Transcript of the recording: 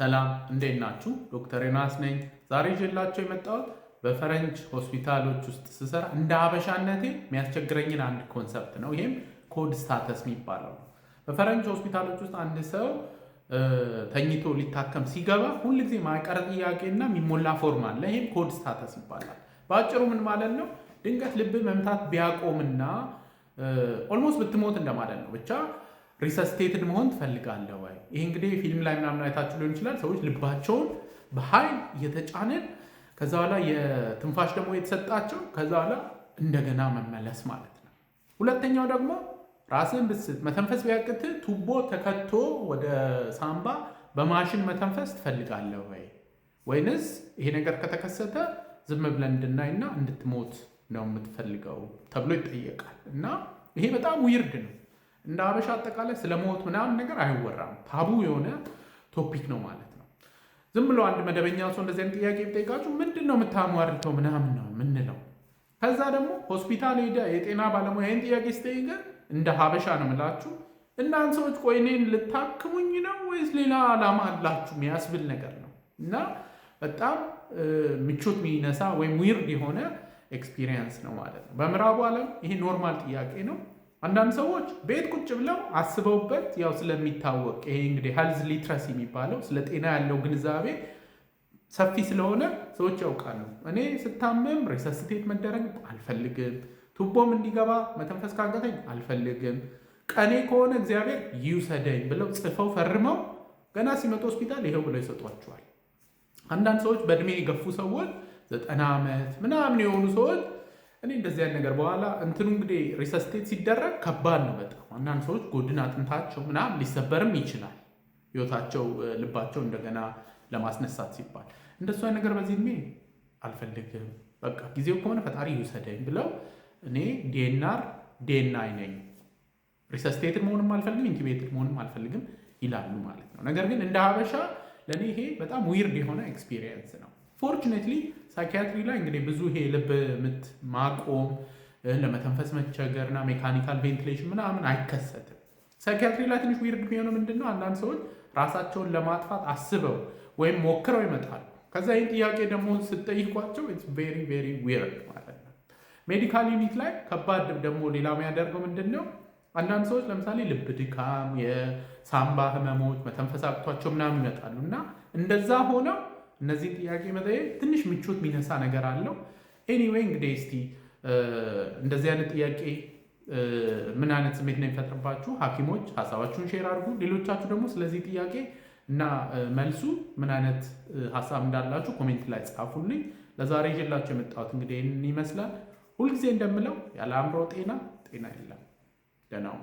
ሰላም እንዴት ናችሁ? ዶክተር ዮናስ ነኝ። ዛሬ ይዤላችሁ የመጣሁት በፈረንጅ ሆስፒታሎች ውስጥ ስሰራ እንደ ሀበሻነቴ የሚያስቸግረኝን አንድ ኮንሰፕት ነው። ይህም ኮድ ስታተስ የሚባለው ነው። በፈረንጅ ሆስፒታሎች ውስጥ አንድ ሰው ተኝቶ ሊታከም ሲገባ ሁልጊዜ ማይቀር ጥያቄና የሚሞላ ፎርም አለ። ይህም ኮድ ስታተስ ይባላል። በአጭሩ ምን ማለት ነው? ድንገት ልብ መምታት ቢያቆምና ኦልሞስት ብትሞት እንደማለት ነው ብቻ ሪሰስቴትድ መሆን ትፈልጋለህ ወይ? ይህ እንግዲህ ፊልም ላይ ምናምን አይታችሁ ሊሆን ይችላል። ሰዎች ልባቸውን በኃይል እየተጫንን ከዛ በኋላ የትንፋሽ ደግሞ የተሰጣቸው ከዛ በኋላ እንደገና መመለስ ማለት ነው። ሁለተኛው ደግሞ ራስን ብስት መተንፈስ ቢያቅት ቱቦ ተከቶ ወደ ሳምባ በማሽን መተንፈስ ትፈልጋለህ ወይ? ወይንስ ይሄ ነገር ከተከሰተ ዝም ብለን እንድናይና እንድትሞት ነው የምትፈልገው ተብሎ ይጠየቃል። እና ይሄ በጣም ውይርድ ነው። እንደ ሀበሻ አጠቃላይ ስለ ሞት ምናምን ነገር አይወራም። ታቡ የሆነ ቶፒክ ነው ማለት ነው። ዝም ብሎ አንድ መደበኛ ሰው እንደዚህ አይነት ጥያቄ ቢጠይቃችሁ ምንድን ነው የምታሟርተው ምናምን ነው ምንለው። ከዛ ደግሞ ሆስፒታል ሄደ የጤና ባለሙያ ይህን ጥያቄ ስጠይቀ እንደ ሀበሻ ነው ምላችሁ እናንተ ሰዎች ቆይ እኔን ልታክሙኝ ነው ወይስ ሌላ ዓላማ አላችሁ የሚያስብል ነገር ነው እና በጣም ምቾት የሚነሳ ወይም ዊርድ የሆነ ኤክስፒሪየንስ ነው ማለት ነው። በምዕራቡ ዓለም ይሄ ኖርማል ጥያቄ ነው። አንዳንድ ሰዎች ቤት ቁጭ ብለው አስበውበት ያው ስለሚታወቅ ይሄ እንግዲህ ሄልዝ ሊትረሲ የሚባለው ስለ ጤና ያለው ግንዛቤ ሰፊ ስለሆነ ሰዎች ያውቃሉ። እኔ ስታመም ሬሰስቴት መደረግ አልፈልግም፣ ቱቦም እንዲገባ መተንፈስ ካገተኝ አልፈልግም፣ ቀኔ ከሆነ እግዚአብሔር ይውሰደኝ ብለው ጽፈው ፈርመው ገና ሲመጡ ሆስፒታል ይሄው ብለው ይሰጧቸዋል። አንዳንድ ሰዎች በእድሜ የገፉ ሰዎች ዘጠና ዓመት ምናምን የሆኑ ሰዎች እኔ እንደዚህ አይነት ነገር በኋላ እንትኑ እንግዲህ ሪሰስቴት ሲደረግ ከባድ ነው በጣም አንዳንድ ሰዎች ጎድን አጥንታቸው ምናምን ሊሰበርም ይችላል ህይወታቸው ልባቸው እንደገና ለማስነሳት ሲባል እንደሱ አይነት ነገር በዚህ እድሜ አልፈልግም በቃ ጊዜው ከሆነ ፈጣሪ ይውሰደኝ ብለው እኔ ዴናር ዴና አይነኝ ሪሰስቴትን መሆንም አልፈልግም ኢንኪቤትድ መሆንም አልፈልግም ይላሉ ማለት ነው ነገር ግን እንደ ሀበሻ ለእኔ ይሄ በጣም ዊርድ የሆነ ኤክስፒሪየንስ ነው ፎርቹኔትሊ ሳይኪያትሪ ላይ እንግዲህ ብዙ ይሄ ልብ ምት ማቆም ለመተንፈስ መቸገርና ሜካኒካል ቬንቲሌሽን ምናምን አይከሰትም። ሳይኪያትሪ ላይ ትንሽ ዊርድ የሚሆነው ምንድነው አንዳንድ ሰዎች ራሳቸውን ለማጥፋት አስበው ወይም ሞክረው ይመጣሉ። ከዛ ይህን ጥያቄ ደግሞ ስጠይቋቸው ቬሪ ቬሪ ዊርድ ማለት ነው። ሜዲካል ዩኒት ላይ ከባድ ደግሞ ሌላ የሚያደርገው ምንድን ነው? አንዳንድ ሰዎች ለምሳሌ ልብ ድካም፣ የሳምባ ህመሞች፣ መተንፈስ አቅቷቸው ምናምን ይመጣሉ እና እንደዛ ሆነው እነዚህ ጥያቄ መጠየቅ ትንሽ ምቾት የሚነሳ ነገር አለው። ኤኒዌይ እንግዲህ እስቲ እንደዚህ አይነት ጥያቄ ምን አይነት ስሜት ነው የሚፈጥርባችሁ? ሐኪሞች ሀሳባችሁን ሼር አድርጉ። ሌሎቻችሁ ደግሞ ስለዚህ ጥያቄ እና መልሱ ምን አይነት ሀሳብ እንዳላችሁ ኮሜንት ላይ ጻፉልኝ። ለዛሬ ይዤላችሁ የመጣሁት እንግዲህ ይህንን ይመስላል። ሁልጊዜ እንደምለው ያለ አእምሮ ጤና ጤና የለም። ደህና ሁኑ።